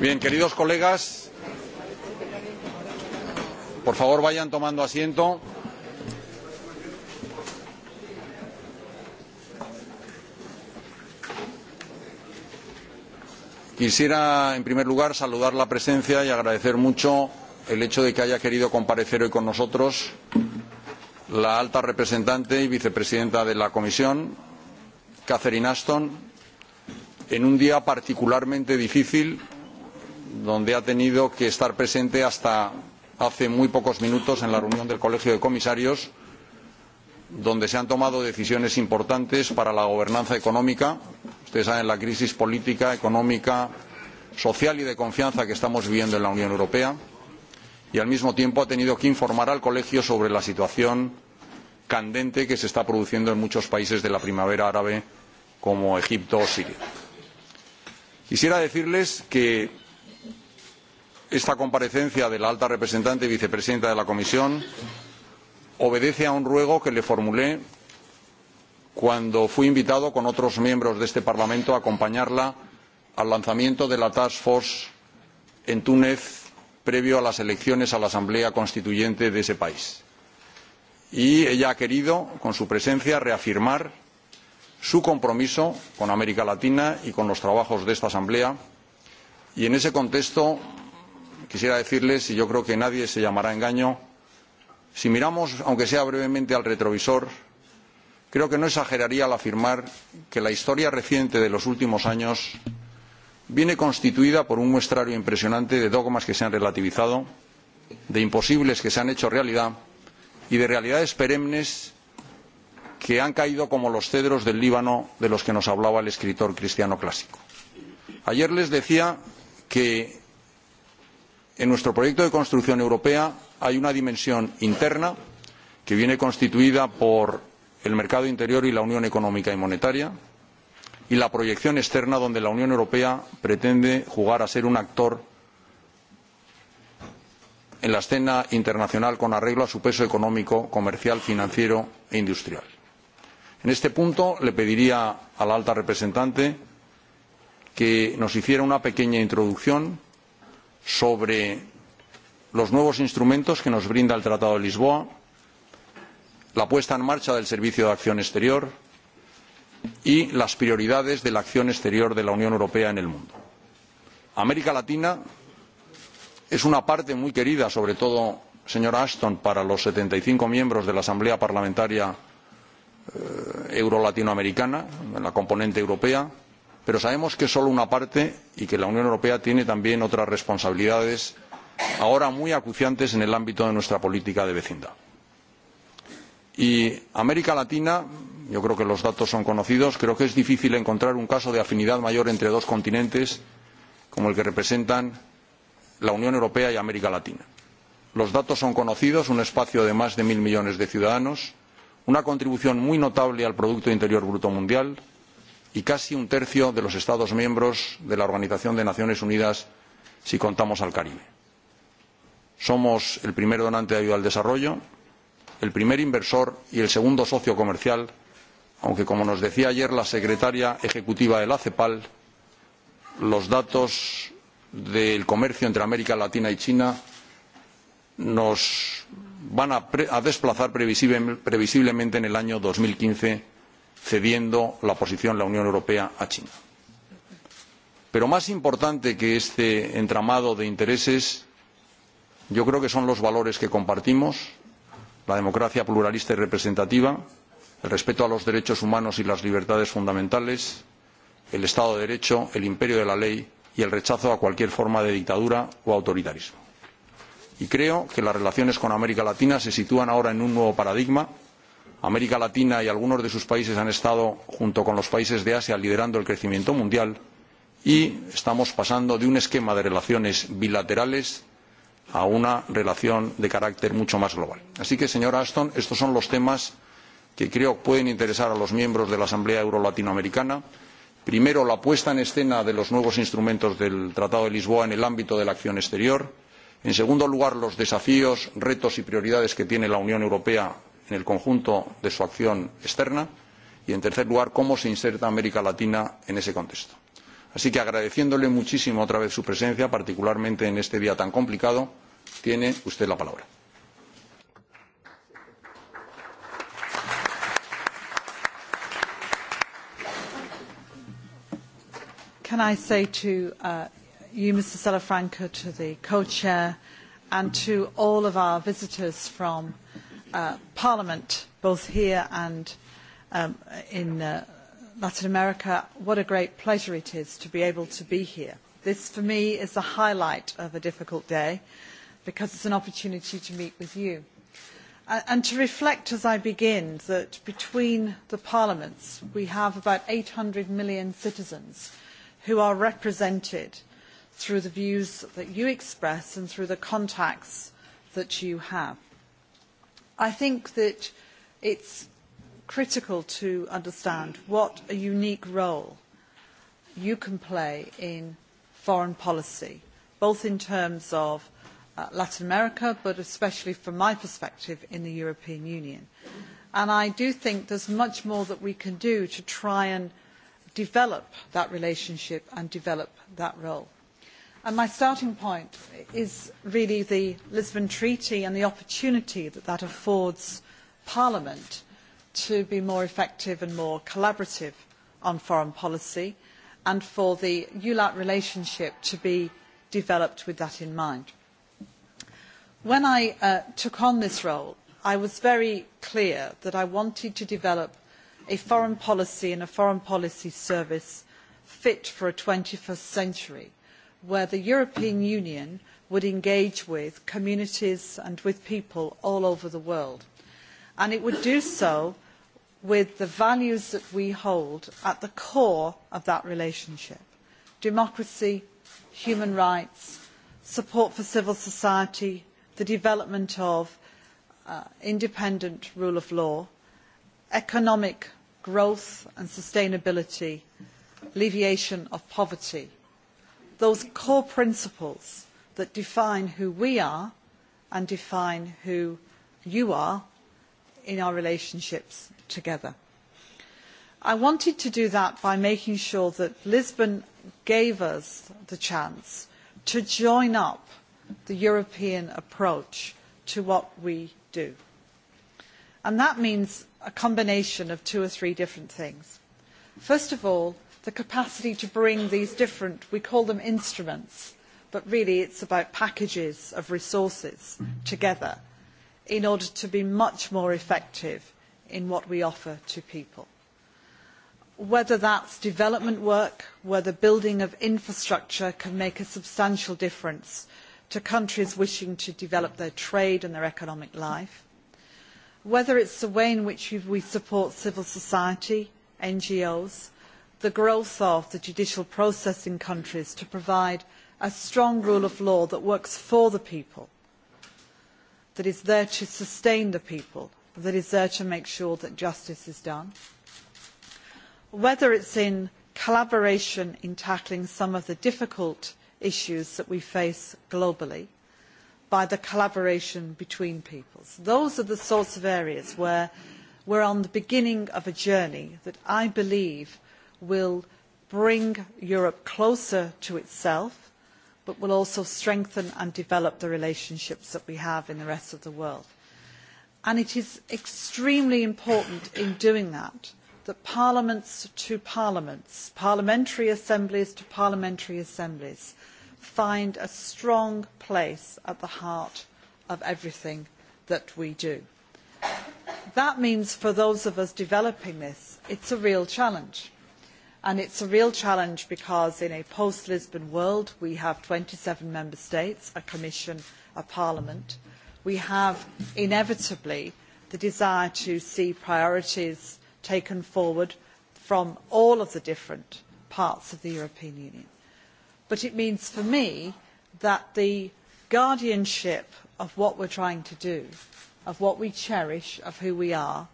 Bien, queridos colegas, por favor vayan tomando asiento. Quisiera, en primer lugar, saludar la presencia y agradecer mucho el hecho de que haya querido comparecer hoy con nosotros la alta representante y vicepresidenta de la Comisión, Catherine Ashton, en un día particularmente difícil donde ha tenido que estar presente hasta hace muy pocos minutos en la reunión del Colegio de Comisarios, donde se han tomado decisiones importantes para la gobernanza económica. Ustedes saben la crisis política, económica, social y de confianza que estamos viviendo en la Unión Europea y al mismo tiempo ha tenido que informar al colegio sobre la situación candente que se está produciendo en muchos países de la primavera árabe como Egipto o Siria. Quisiera decirles que esta comparecencia de la alta representante y vicepresidenta de la Comisión obedece a un ruego que le formulé cuando fui invitado con otros miembros de este Parlamento a acompañarla al lanzamiento de la Task Force en Túnez previo a las elecciones a la Asamblea Constituyente de ese país. Y ella ha querido, con su presencia, reafirmar su compromiso con América Latina y con los trabajos de esta Asamblea. Y en ese contexto quisiera decirles y yo creo que nadie se llamará a engaño si miramos aunque sea brevemente al retrovisor creo que no exageraría al afirmar que la historia reciente de los últimos años viene constituida por un muestrario impresionante de dogmas que se han relativizado de imposibles que se han hecho realidad y de realidades perennes que han caído como los cedros del líbano de los que nos hablaba el escritor cristiano clásico. ayer les decía que en nuestro proyecto de construcción europea hay una dimensión interna que viene constituida por el mercado interior y la unión económica y monetaria y la proyección externa donde la unión europea pretende jugar a ser un actor en la escena internacional con arreglo a su peso económico comercial financiero e industrial. en este punto le pediría a la alta representante que nos hiciera una pequeña introducción sobre los nuevos instrumentos que nos brinda el Tratado de Lisboa, la puesta en marcha del Servicio de Acción Exterior y las prioridades de la acción exterior de la Unión Europea en el mundo. América Latina es una parte muy querida, sobre todo, señora Ashton, para los 75 miembros de la Asamblea Parlamentaria eh, Euro-Latinoamericana, la componente europea, pero sabemos que es solo una parte y que la unión europea tiene también otras responsabilidades ahora muy acuciantes en el ámbito de nuestra política de vecindad. y américa latina yo creo que los datos son conocidos creo que es difícil encontrar un caso de afinidad mayor entre dos continentes como el que representan la unión europea y américa latina. los datos son conocidos un espacio de más de mil millones de ciudadanos una contribución muy notable al producto interior bruto mundial y casi un tercio de los estados miembros de la organización de las naciones unidas si contamos al caribe. somos el primer donante de ayuda al desarrollo el primer inversor y el segundo socio comercial aunque como nos decía ayer la secretaria ejecutiva de la cepal los datos del comercio entre américa latina y china nos van a, pre a desplazar previsiblemente en el año dos mil quince cediendo la posición de la Unión Europea a China. Pero más importante que este entramado de intereses, yo creo que son los valores que compartimos la democracia pluralista y representativa, el respeto a los derechos humanos y las libertades fundamentales, el Estado de Derecho, el imperio de la ley y el rechazo a cualquier forma de dictadura o autoritarismo. Y creo que las relaciones con América Latina se sitúan ahora en un nuevo paradigma América Latina y algunos de sus países han estado, junto con los países de Asia, liderando el crecimiento mundial y estamos pasando de un esquema de relaciones bilaterales a una relación de carácter mucho más global. Así que, señora Ashton, estos son los temas que creo pueden interesar a los miembros de la Asamblea Euro-Latinoamericana. Primero, la puesta en escena de los nuevos instrumentos del Tratado de Lisboa en el ámbito de la acción exterior. En segundo lugar, los desafíos, retos y prioridades que tiene la Unión Europea en el conjunto de su acción externa y en tercer lugar cómo se inserta américa latina en ese contexto. así que agradeciéndole muchísimo otra vez su presencia particularmente en este día tan complicado tiene usted la palabra. Can I say to uh, you, Mr. Salafranca, to the co-chair, and to all of our visitors from uh, uh, Parliament, both here and um, in uh, Latin America, what a great pleasure it is to be able to be here. This, for me, is the highlight of a difficult day because it's an opportunity to meet with you. Uh, and to reflect as I begin that between the parliaments we have about 800 million citizens who are represented through the views that you express and through the contacts that you have. I think that it's critical to understand what a unique role you can play in foreign policy, both in terms of uh, Latin America, but especially from my perspective in the European Union. And I do think there's much more that we can do to try and develop that relationship and develop that role. And my starting point is really the Lisbon Treaty and the opportunity that that affords Parliament to be more effective and more collaborative on foreign policy and for the EULAT relationship to be developed with that in mind. When I uh, took on this role, I was very clear that I wanted to develop a foreign policy and a foreign policy service fit for a 21st century where the European Union would engage with communities and with people all over the world. And it would do so with the values that we hold at the core of that relationship democracy, human rights, support for civil society, the development of uh, independent rule of law, economic growth and sustainability, alleviation of poverty those core principles that define who we are and define who you are in our relationships together. I wanted to do that by making sure that Lisbon gave us the chance to join up the European approach to what we do. And that means a combination of two or three different things. First of all, the capacity to bring these different we call them instruments but really it is about packages of resources together in order to be much more effective in what we offer to people. Whether that is development work, whether building of infrastructure can make a substantial difference to countries wishing to develop their trade and their economic life, whether it is the way in which we support civil society, NGOs, the growth of the judicial process in countries to provide a strong rule of law that works for the people that is there to sustain the people that is there to make sure that justice is done whether it is in collaboration in tackling some of the difficult issues that we face globally by the collaboration between peoples. those are the sorts of areas where we are on the beginning of a journey that i believe will bring Europe closer to itself, but will also strengthen and develop the relationships that we have in the rest of the world. And it is extremely important in doing that that parliaments to parliaments, parliamentary assemblies to parliamentary assemblies, find a strong place at the heart of everything that we do. That means for those of us developing this, it's a real challenge it is a real challenge because in a post lisbon world we have twenty seven member states a commission a parliament we have inevitably the desire to see priorities taken forward from all of the different parts of the european union but it means for me that the guardianship of what we are trying to do of what we cherish of who we are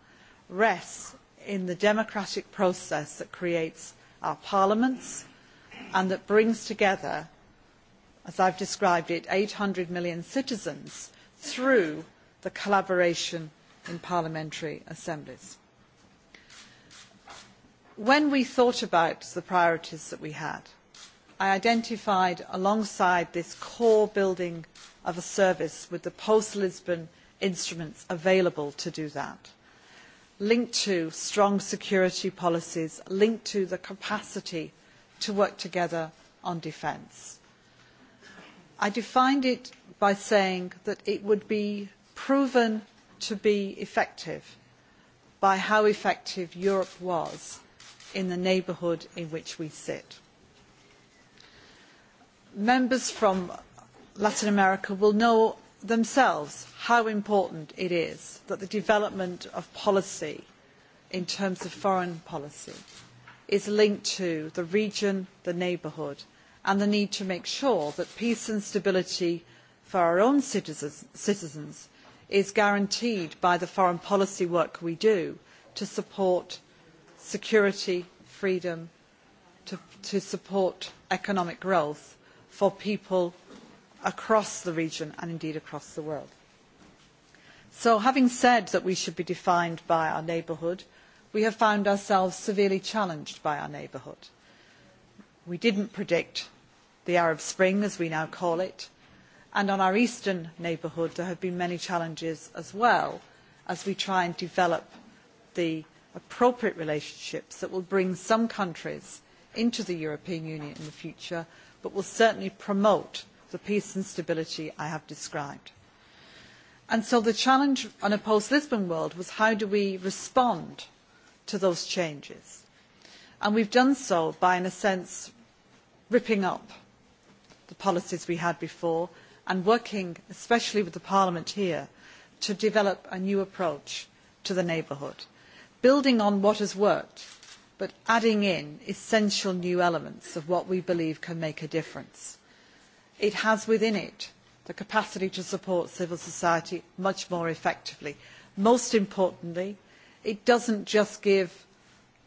rests in the democratic process that creates our parliaments and that brings together as i have described it eight hundred million citizens through the collaboration in parliamentary assemblies. when we thought about the priorities that we had i identified alongside this core building of a service with the post lisbon instruments available to do that linked to strong security policies linked to the capacity to work together on defence. I defined it by saying that it would be proven to be effective by how effective Europe was in the neighbourhood in which we sit. Members from Latin America will know themselves how important it is that the development of policy in terms of foreign policy is linked to the region, the neighbourhood, and the need to make sure that peace and stability for our own citizens, citizens is guaranteed by the foreign policy work we do to support security, freedom, to, to support economic growth for people across the region and indeed across the world. So having said that we should be defined by our neighbourhood, we have found ourselves severely challenged by our neighbourhood. We didn't predict the Arab Spring, as we now call it, and on our eastern neighbourhood there have been many challenges as well as we try and develop the appropriate relationships that will bring some countries into the European Union in the future, but will certainly promote the peace and stability I have described. And so the challenge on a post-Lisbon world was how do we respond to those changes? And we've done so by, in a sense, ripping up the policies we had before and working, especially with the Parliament here, to develop a new approach to the neighbourhood, building on what has worked, but adding in essential new elements of what we believe can make a difference it has within it the capacity to support civil society much more effectively. most importantly it does not just give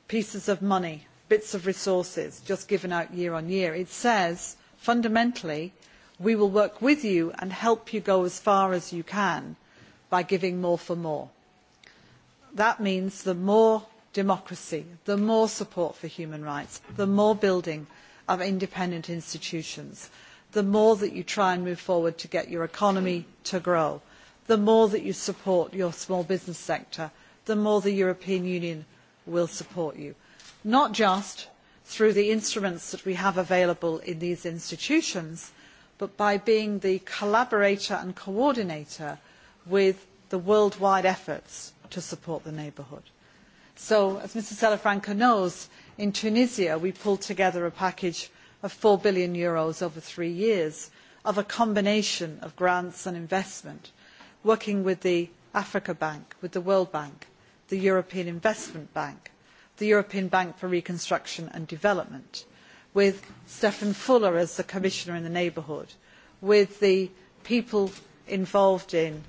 pieces of money bits of resources just given out year on year. it says fundamentally we will work with you and help you go as far as you can by giving more for more. that means the more democracy the more support for human rights the more building of independent institutions the more that you try and move forward to get your economy to grow the more that you support your small business sector the more the european union will support you not just through the instruments that we have available in these institutions but by being the collaborator and coordinator with the worldwide efforts to support the neighbourhood. so as mr salafranca knows in tunisia we pulled together a package of eur four billion Euros over three years of a combination of grants and investment, working with the Africa Bank, with the World Bank, the European Investment Bank, the European Bank for Reconstruction and Development, with Stefan Fuller as the Commissioner in the neighbourhood, with the people involved in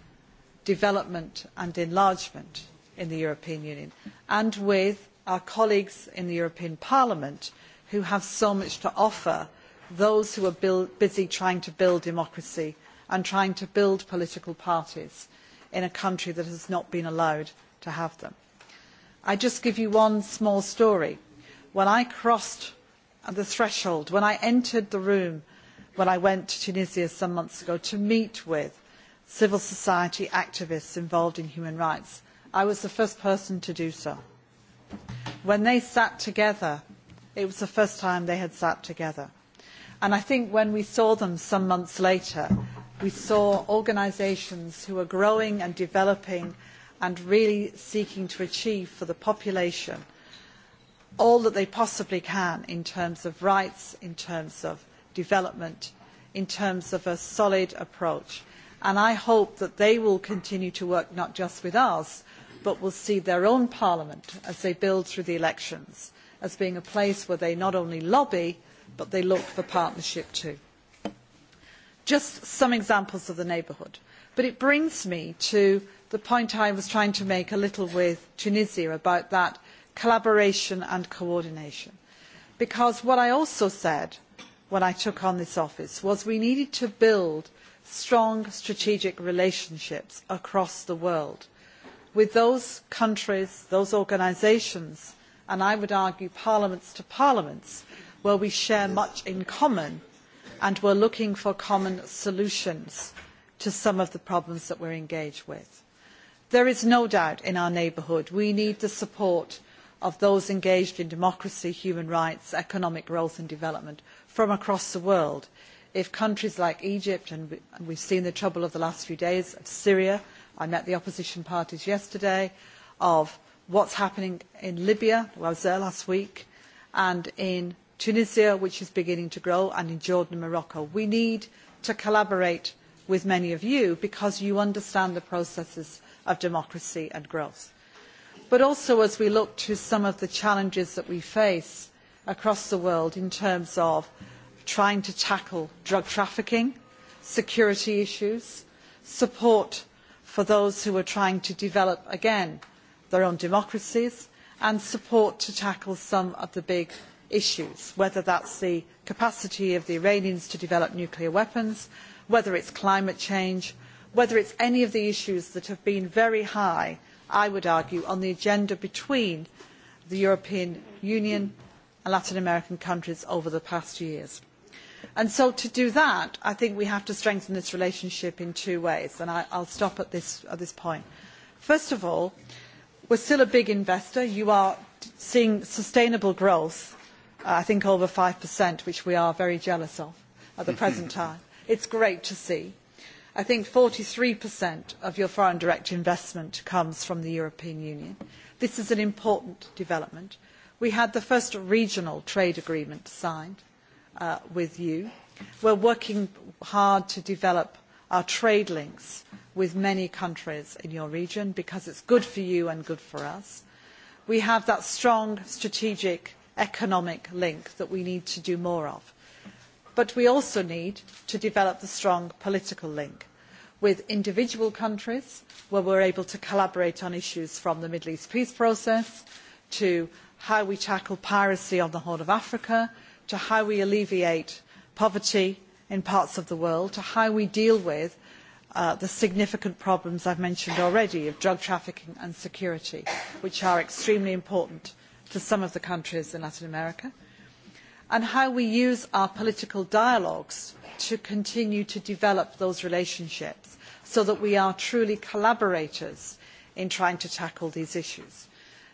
development and enlargement in the European Union, and with our colleagues in the European Parliament who have so much to offer those who are build, busy trying to build democracy and trying to build political parties in a country that has not been allowed to have them. I just give you one small story. When I crossed the threshold, when I entered the room when I went to Tunisia some months ago to meet with civil society activists involved in human rights, I was the first person to do so. When they sat together it was the first time they had sat together. And I think when we saw them some months later, we saw organisations who are growing and developing and really seeking to achieve for the population all that they possibly can in terms of rights, in terms of development, in terms of a solid approach. And I hope that they will continue to work not just with us, but will see their own parliament as they build through the elections as being a place where they not only lobby but they look for partnership too. Just some examples of the neighbourhood. But it brings me to the point I was trying to make a little with Tunisia about that collaboration and coordination. Because what I also said when I took on this office was we needed to build strong strategic relationships across the world with those countries, those organisations and i would argue parliaments to parliaments where we share much in common and we are looking for common solutions to some of the problems that we are engaged with. there is no doubt in our neighbourhood we need the support of those engaged in democracy human rights economic growth and development from across the world if countries like egypt and we have seen the trouble of the last few days of syria i met the opposition parties yesterday of what is happening in libya i was there last week and in tunisia which is beginning to grow and in jordan and morocco. we need to collaborate with many of you because you understand the processes of democracy and growth but also as we look to some of the challenges that we face across the world in terms of trying to tackle drug trafficking security issues support for those who are trying to develop again their own democracies and support to tackle some of the big issues whether that is the capacity of the iranians to develop nuclear weapons whether it is climate change whether it is any of the issues that have been very high i would argue on the agenda between the european union and latin american countries over the past years. so to do that i think we have to strengthen this relationship in two ways and i will stop at this point. first of all we are still a big investor you are seeing sustainable growth uh, i think over five which we are very jealous of at the present time. it is great to see. i think forty three of your foreign direct investment comes from the european union. this is an important development. we had the first regional trade agreement signed uh, with you. we are working hard to develop our trade links with many countries in your region because it is good for you and good for us. we have that strong strategic economic link that we need to do more of but we also need to develop the strong political link with individual countries where we are able to collaborate on issues from the middle east peace process to how we tackle piracy on the horn of africa to how we alleviate poverty in parts of the world to how we deal with uh, the significant problems i have mentioned already of drug trafficking and security which are extremely important to some of the countries in latin america and how we use our political dialogues to continue to develop those relationships so that we are truly collaborators in trying to tackle these issues.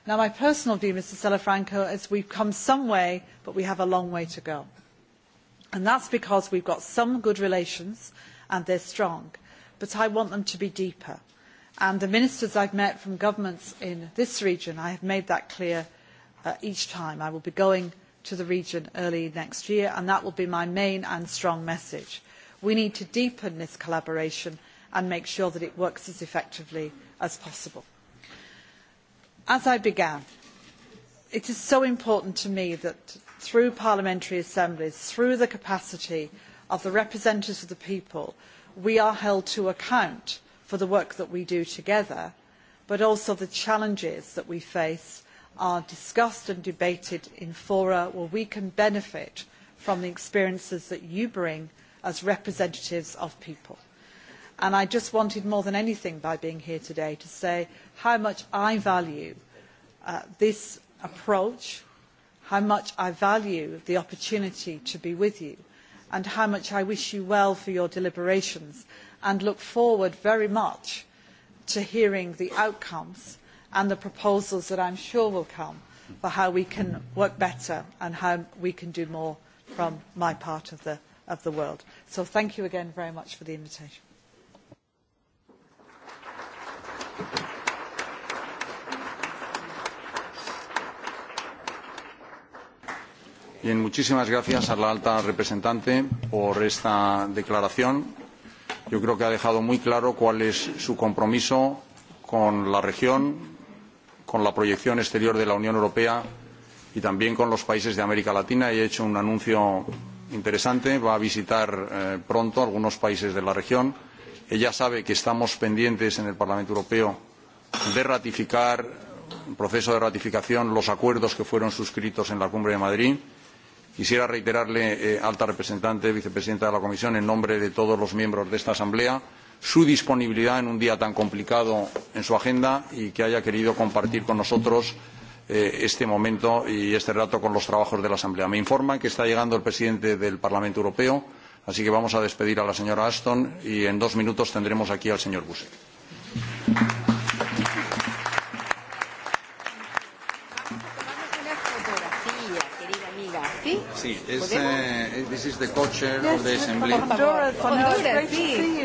Now, my personal view mr salafranca is that we have come some way but we have a long way to go and that is because we have got some good relations and they are strong but i want them to be deeper and the ministers i have met from governments in this region i have made that clear uh, each time. i will be going to the region early next year and that will be my main and strong message. we need to deepen this collaboration and make sure that it works as effectively as possible. as i began it is so important to me that through parliamentary assemblies through the capacity of the representatives of the people we are held to account for the work that we do together but also the challenges that we face are discussed and debated in fora where we can benefit from the experiences that you bring as representatives of people. And i just wanted more than anything by being here today to say how much i value uh, this approach how much I value the opportunity to be with you and how much I wish you well for your deliberations and look forward very much to hearing the outcomes and the proposals that I am sure will come for how we can work better and how we can do more from my part of the, of the world. So thank you again very much for the invitation. Bien, muchísimas gracias a la alta representante por esta declaración. Yo creo que ha dejado muy claro cuál es su compromiso con la región, con la proyección exterior de la Unión Europea y también con los países de América Latina. Y he hecho un anuncio interesante. Va a visitar eh, pronto algunos países de la región. Ella sabe que estamos pendientes en el Parlamento Europeo de ratificar, el proceso de ratificación, los acuerdos que fueron suscritos en la Cumbre de Madrid. Quisiera reiterarle, eh, alta representante, vicepresidenta de la Comisión, en nombre de todos los miembros de esta Asamblea, su disponibilidad en un día tan complicado en su agenda y que haya querido compartir con nosotros eh, este momento y este rato con los trabajos de la Asamblea. Me informan que está llegando el presidente del Parlamento Europeo, así que vamos a despedir a la señora Ashton y en dos minutos tendremos aquí al señor Busek. Sí, es, eh, this is the co-chair yes, of the Assembly. Honduras, Honduras, Honduras, sí.